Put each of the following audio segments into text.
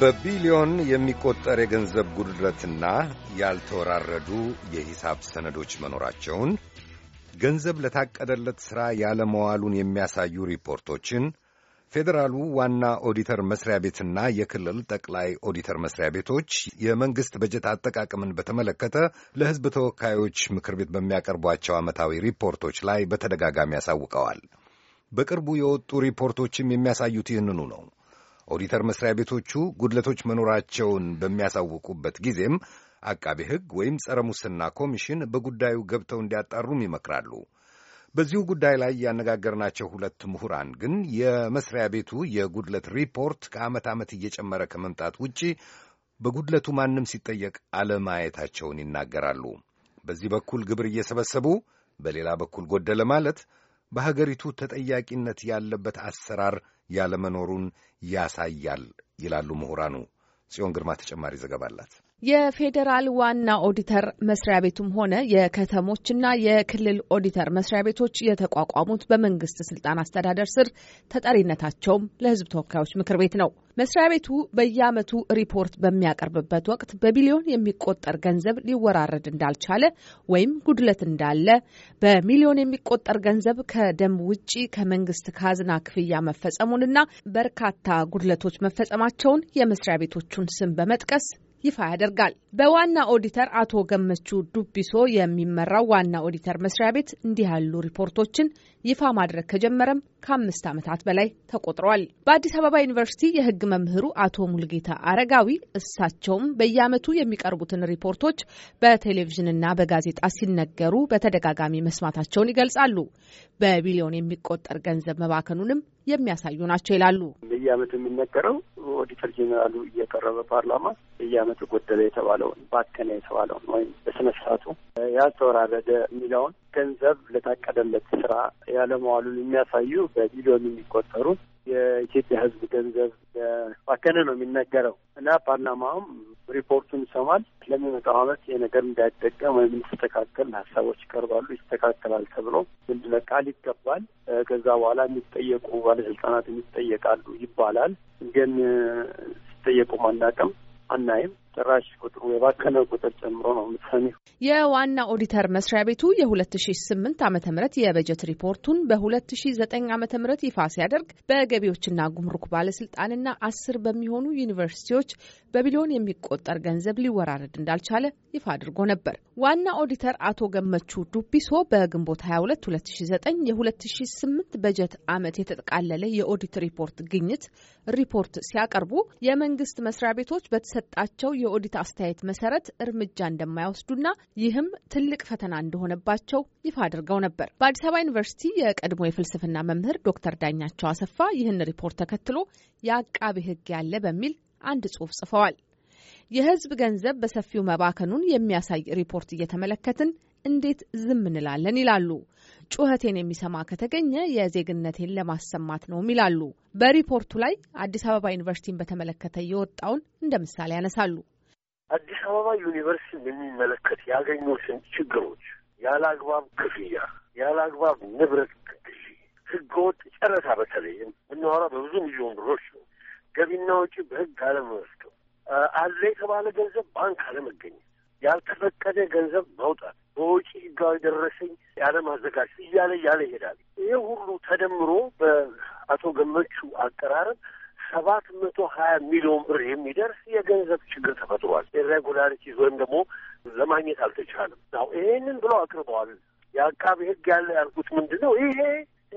በቢሊዮን የሚቆጠር የገንዘብ ጉድለትና ያልተወራረዱ የሂሳብ ሰነዶች መኖራቸውን ገንዘብ ለታቀደለት ሥራ ያለመዋሉን የሚያሳዩ ሪፖርቶችን ፌዴራሉ ዋና ኦዲተር መስሪያ ቤትና የክልል ጠቅላይ ኦዲተር መስሪያ ቤቶች የመንግሥት በጀት አጠቃቀምን በተመለከተ ለሕዝብ ተወካዮች ምክር ቤት በሚያቀርቧቸው ዓመታዊ ሪፖርቶች ላይ በተደጋጋሚ ያሳውቀዋል። በቅርቡ የወጡ ሪፖርቶችም የሚያሳዩት ይህንኑ ነው። ኦዲተር መስሪያ ቤቶቹ ጉድለቶች መኖራቸውን በሚያሳውቁበት ጊዜም አቃቤ ሕግ ወይም ጸረ ሙስና ኮሚሽን በጉዳዩ ገብተው እንዲያጣሩም ይመክራሉ። በዚሁ ጉዳይ ላይ ያነጋገርናቸው ሁለት ምሁራን ግን የመስሪያ ቤቱ የጉድለት ሪፖርት ከዓመት ዓመት እየጨመረ ከመምጣት ውጪ በጉድለቱ ማንም ሲጠየቅ አለማየታቸውን ይናገራሉ። በዚህ በኩል ግብር እየሰበሰቡ በሌላ በኩል ጎደለ ማለት በሀገሪቱ ተጠያቂነት ያለበት አሰራር ያለመኖሩን ያሳያል ይላሉ ምሁራኑ። ጽዮን ግርማ ተጨማሪ ዘገባ አላት። የፌዴራል ዋና ኦዲተር መስሪያ ቤቱም ሆነ የከተሞችና የክልል ኦዲተር መስሪያ ቤቶች የተቋቋሙት በመንግስት ስልጣን አስተዳደር ስር ተጠሪነታቸውም ለሕዝብ ተወካዮች ምክር ቤት ነው። መስሪያ ቤቱ በየዓመቱ ሪፖርት በሚያቀርብበት ወቅት በቢሊዮን የሚቆጠር ገንዘብ ሊወራረድ እንዳልቻለ ወይም ጉድለት እንዳለ፣ በሚሊዮን የሚቆጠር ገንዘብ ከደንብ ውጪ ከመንግስት ካዝና ክፍያ መፈጸሙንና በርካታ ጉድለቶች መፈጸማቸውን የመስሪያ ቤቶቹን ስም በመጥቀስ ይፋ ያደርጋል። በዋና ኦዲተር አቶ ገመቹ ዱቢሶ የሚመራው ዋና ኦዲተር መስሪያ ቤት እንዲህ ያሉ ሪፖርቶችን ይፋ ማድረግ ከጀመረም ከአምስት ዓመታት በላይ ተቆጥረዋል። በአዲስ አበባ ዩኒቨርሲቲ የሕግ መምህሩ አቶ ሙልጌታ አረጋዊ እሳቸውም በየዓመቱ የሚቀርቡትን ሪፖርቶች በቴሌቪዥንና በጋዜጣ ሲነገሩ በተደጋጋሚ መስማታቸውን ይገልጻሉ። በቢሊዮን የሚቆጠር ገንዘብ መባከኑንም የሚያሳዩ ናቸው ይላሉ። በየዓመቱ የሚነገረው ኦዲተር ጄኔራሉ እየቀረበ ፓርላማ በየዓመቱ ጎደለ የተባለውን ባከነ የተባለውን ወይም በስነ ስርዓቱ ያልተወራረደ የሚለውን ገንዘብ ለታቀደለት ስራ ያለመዋሉን የሚያሳዩ በቢሊዮን የሚቆጠሩ የኢትዮጵያ ሕዝብ ገንዘብ ባከነ ነው የሚነገረው እና ፓርላማውም ሪፖርቱን ይሰማል። ለሚመጣው ዓመት ይህ ነገር እንዳይጠቀም ወይም እንዲስተካከል ሀሳቦች ይቀርባሉ። ይስተካከላል ተብሎ ምንድን ነው ቃል ይገባል። ከዛ በኋላ የሚጠየቁ ባለስልጣናት የሚጠየቃሉ ይባላል። ግን ሲጠየቁ አናውቅም አናይም። ጭራሽ ቁጥሩ የባከነ ቁጥር ጨምሮ ነው የምትሰሚው። የዋና ኦዲተር መስሪያ ቤቱ የ 2008 ዓ ም የበጀት ሪፖርቱን በ 2009 ዓ ም ይፋ ሲያደርግ በገቢዎችና ጉምሩክ ባለስልጣንና አስር በሚሆኑ ዩኒቨርሲቲዎች በቢሊዮን የሚቆጠር ገንዘብ ሊወራረድ እንዳልቻለ ይፋ አድርጎ ነበር። ዋና ኦዲተር አቶ ገመቹ ዱቢሶ በግንቦት 22 2009 የ2008 በጀት ዓመት የተጠቃለለ የኦዲት ሪፖርት ግኝት ሪፖርት ሲያቀርቡ የመንግስት መስሪያ ቤቶች በተሰጣቸው የ የኦዲት አስተያየት መሰረት እርምጃ እንደማይወስዱና ይህም ትልቅ ፈተና እንደሆነባቸው ይፋ አድርገው ነበር። በአዲስ አበባ ዩኒቨርሲቲ የቀድሞ የፍልስፍና መምህር ዶክተር ዳኛቸው አሰፋ ይህን ሪፖርት ተከትሎ የአቃቤ ሕግ ያለ በሚል አንድ ጽሑፍ ጽፈዋል። የህዝብ ገንዘብ በሰፊው መባከኑን የሚያሳይ ሪፖርት እየተመለከትን እንዴት ዝም እንላለን? ይላሉ። ጩኸቴን የሚሰማ ከተገኘ የዜግነቴን ለማሰማት ነውም ይላሉ። በሪፖርቱ ላይ አዲስ አበባ ዩኒቨርሲቲን በተመለከተ የወጣውን እንደ ምሳሌ ያነሳሉ። አዲስ አበባ ዩኒቨርሲቲ የሚመለከት ያገኙትን ችግሮች ያለ አግባብ ክፍያ፣ ያለ አግባብ ንብረት ግዢ፣ ህገወጥ ጨረታ፣ በተለይ የምናወራ በብዙ ሚሊዮን ብሮች ነው። ገቢና ወጪ በህግ አለመመስገብ፣ አለ የተባለ ገንዘብ ባንክ አለመገኘት፣ ያልተፈቀደ ገንዘብ መውጣት፣ በውጪ ህጋዊ ደረሰኝ ያለማዘጋጀት እያለ እያለ ይሄዳል። ይህ ሁሉ ተደምሮ በአቶ ገመቹ አቀራረብ ሰባት መቶ ሀያ ሚሊዮን ብር የሚደርስ የገንዘብ ችግር ተፈ ኢሬጉላሪቲዝ ወይም ደግሞ ለማግኘት አልተቻለም። አዎ ይሄንን ብሎ አቅርበዋል። የአቃቢ ህግ ያለ ያልኩት ምንድን ነው ይሄ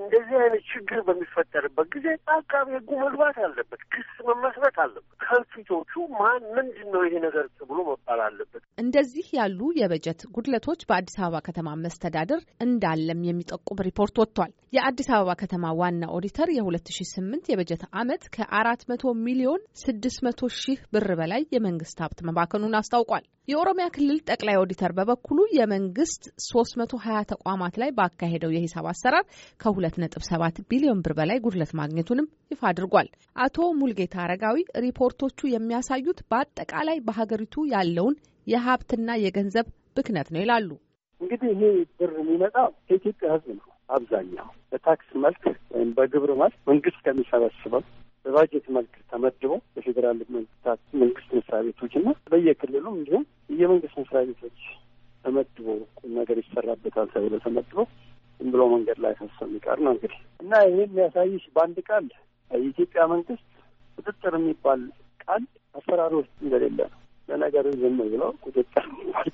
እንደዚህ አይነት ችግር በሚፈጠርበት ጊዜ አቃቢ ህጉ መግባት አለበት፣ ክስ መመስረት አለበት። ግፊቶቹ ማን ምንድን ነው ይሄ ነገር ተብሎ መባል አለበት። እንደዚህ ያሉ የበጀት ጉድለቶች በአዲስ አበባ ከተማ መስተዳደር እንዳለም የሚጠቁም ሪፖርት ወጥቷል። የአዲስ አበባ ከተማ ዋና ኦዲተር የ2008 የበጀት ዓመት ከ400 ሚሊዮን 600 ሺህ ብር በላይ የመንግስት ሀብት መባከኑን አስታውቋል። የኦሮሚያ ክልል ጠቅላይ ኦዲተር በበኩሉ የመንግስት 320 ተቋማት ላይ ባካሄደው የሂሳብ አሰራር ከ2.7 ቢሊዮን ብር በላይ ጉድለት ማግኘቱንም ይፋ አድርጓል። አቶ ሙልጌታ አረጋዊ ሪፖርቶቹ የሚያሳዩት በአጠቃላይ በሀገሪቱ ያለውን የሀብትና የገንዘብ ብክነት ነው ይላሉ። እንግዲህ ይሄ ብር የሚመጣው ከኢትዮጵያ ሕዝብ ነው። አብዛኛው በታክስ መልክ ወይም በግብር መልክ መንግስት ከሚሰበስበው በባጀት መልክ ተመድቦ በፌዴራል መንግስታት መንግስት መስሪያ ቤቶች እና በየክልሉም እንዲሁም የመንግስት መስሪያ ቤቶች ተመድቦ ቁም ነገር ይሰራበታል ተብሎ ተመድቦ ዝም ብሎ መንገድ ላይ ፈሶ የሚቀር ነው እንግዲህ እና ይሄ የሚያሳይሽ በአንድ ቃል የኢትዮጵያ መንግስት ቁጥጥር የሚባል ቃል አሰራሩ ውስጥ እንደሌለ ነው። ለነገሩ ዝም ብሎ ቁጥጥር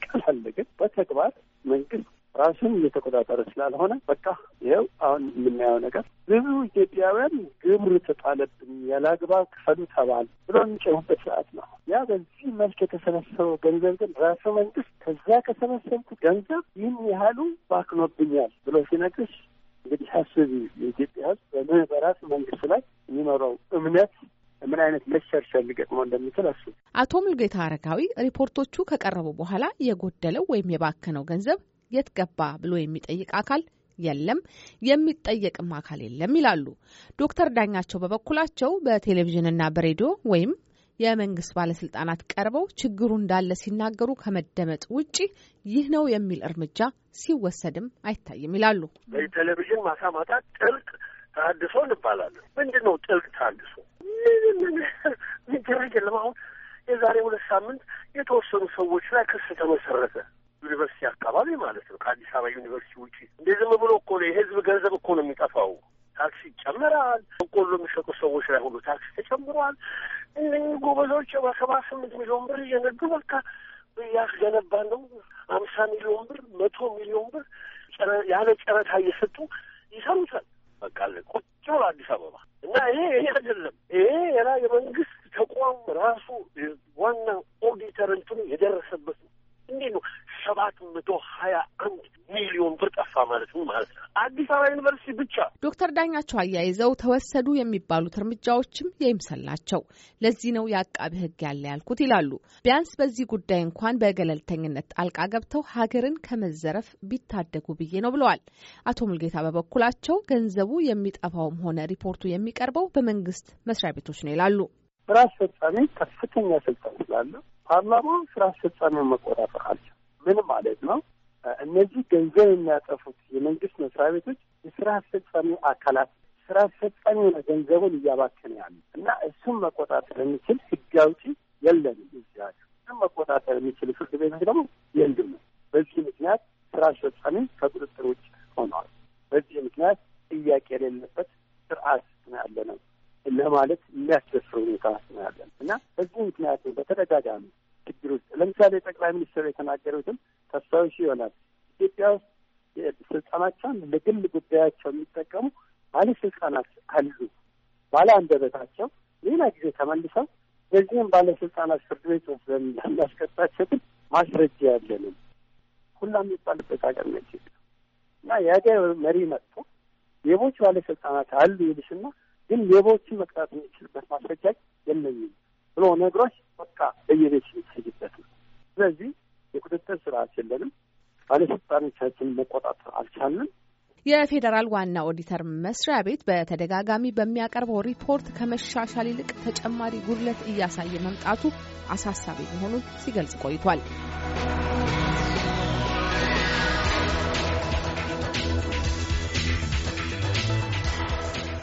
ቃል አለ፣ ግን በተግባር መንግስት ራሱን እየተቆጣጠረ ስላልሆነ በቃ ይኸው አሁን የምናየው ነገር ብዙ ኢትዮጵያውያን ግብር ተጣለብን ያላግባብ ክፈሉ ተባል ብሎ የሚጨሙበት ሰዓት ነው። ያ በዚህ መልክ የተሰበሰበው ገንዘብ ግን ራሱ መንግስት ከዛ ከሰበሰብኩት ገንዘብ ይህን ያህሉ ባክኖብኛል ብሎ ሲነግርሽ እንግዲህ አስቢ የኢትዮጵያ ሕዝብ በራሱ መንግስት ላይ የሚኖረው እምነት ምን አይነት መሸርሸር ሊገጥመው እንደሚችል አሱ አቶ ሙልጌታ አረጋዊ ሪፖርቶቹ ከቀረቡ በኋላ የጎደለው ወይም የባከነው ገንዘብ የት ገባ ብሎ የሚጠይቅ አካል የለም፣ የሚጠየቅም አካል የለም ይላሉ። ዶክተር ዳኛቸው በበኩላቸው በቴሌቪዥንና በሬዲዮ ወይም የመንግስት ባለስልጣናት ቀርበው ችግሩ እንዳለ ሲናገሩ ከመደመጥ ውጪ ይህ ነው የሚል እርምጃ ሲወሰድም አይታይም ይላሉ። በቴሌቪዥን ማሳ ማታ ጥልቅ ተሀድሶ እንባላለን። ምንድን ነው ጥልቅ ተሀድሶ? ስምንት የተወሰኑ ሰዎች ላይ ክስ ተመሰረተ። ዩኒቨርሲቲ አካባቢ ማለት ነው። ከአዲስ አበባ ዩኒቨርሲቲ ውጪ እንደ ዝም ብሎ እኮ ነው የህዝብ ገንዘብ እኮ ነው የሚጠፋው። ታክሲ ይጨመራል። በቆሎ የሚሸጡ ሰዎች ላይ ሁሉ ታክሲ ተጨምሯል። እነህ ጎበዞች በሰባ ስምንት ሚሊዮን ብር እየነዱ በቃ እያስገነባ ነው። አምሳ ሚሊዮን ብር፣ መቶ ሚሊዮን ብር ያለ ጨረታ እየሰጡ ይሰሩታል። በቃ ቁጭ ብሎ አዲስ አበባ እና ይሄ ይሄ አይደለም። ይሄ የላ የመንግስት ተቋም ራሱ ሀያ አንድ ሚሊዮን ብር ጠፋ ማለት ነው ማለት ነው አዲስ አበባ ዩኒቨርሲቲ ብቻ። ዶክተር ዳኛቸው አያይዘው ተወሰዱ የሚባሉት እርምጃዎችም የይምሰላቸው ለዚህ ነው የአቃቢ ሕግ ያለ ያልኩት ይላሉ። ቢያንስ በዚህ ጉዳይ እንኳን በገለልተኝነት ጣልቃ ገብተው ሀገርን ከመዘረፍ ቢታደጉ ብዬ ነው ብለዋል። አቶ ሙልጌታ በበኩላቸው ገንዘቡ የሚጠፋውም ሆነ ሪፖርቱ የሚቀርበው በመንግስት መስሪያ ቤቶች ነው ይላሉ። ስራ አስፈጻሚ ከፍተኛ ስልጣን ስላለው ፓርላማ ስራ አስፈጻሚ መቆጣጠር አልቻለም። ገንዘብ የሚያጠፉት የመንግስት መስሪያ ቤቶች የስራ አስፈጻሚ አካላት ስራ አስፈጻሚ ሆነ ገንዘቡን እያባከነ ያሉ እና እሱም መቆጣጠር የሚችል ህግ አውጪ የለንም። እዚህ እሱም መቆጣጠር የሚችል ፍርድ ቤቶች ደግሞ የሉም። በዚህ ምክንያት ስራ አስፈጻሚ ከቁጥጥር ውጭ ሆነዋል። በዚህ ምክንያት ጥያቄ የሌለበት ስርዓት ነው ያለ ነው ለማለት የሚያስደፍር ሁኔታ ነው ያለ ነው እና በዚህ ምክንያት በተደጋጋሚ ችግር ውስጥ ለምሳሌ ጠቅላይ ሚኒስትር የተናገሩትም ተስፋዎች ይሆናል ኢትዮጵያ ውስጥ ስልጣናቸውን ለግል ጉዳያቸው የሚጠቀሙ ባለስልጣናት አሉ። ባለ አንደበታቸው ሌላ ጊዜ ተመልሰው በዚህም ባለስልጣናት ፍርድ ቤት ለሚያስቀጣቸው ግን ማስረጃ ያለንም ሁላ የሚባልበት ሀገር ነች እና የሀገር መሪ መጥቶ ሌቦች ባለስልጣናት አሉ ይልሽና ግን ሌቦችን መቅጣት የሚችልበት ማስረጃ የለኝም ብሎ ነግሮች በቃ በየቤት የሚሰይበት ነው። ስለዚህ የቁጥጥር ስርዓት የለንም። ባለስልጣኖቻችን መቆጣጠር አልቻልንም። የፌዴራል ዋና ኦዲተር መስሪያ ቤት በተደጋጋሚ በሚያቀርበው ሪፖርት ከመሻሻል ይልቅ ተጨማሪ ጉድለት እያሳየ መምጣቱ አሳሳቢ መሆኑን ሲገልጽ ቆይቷል።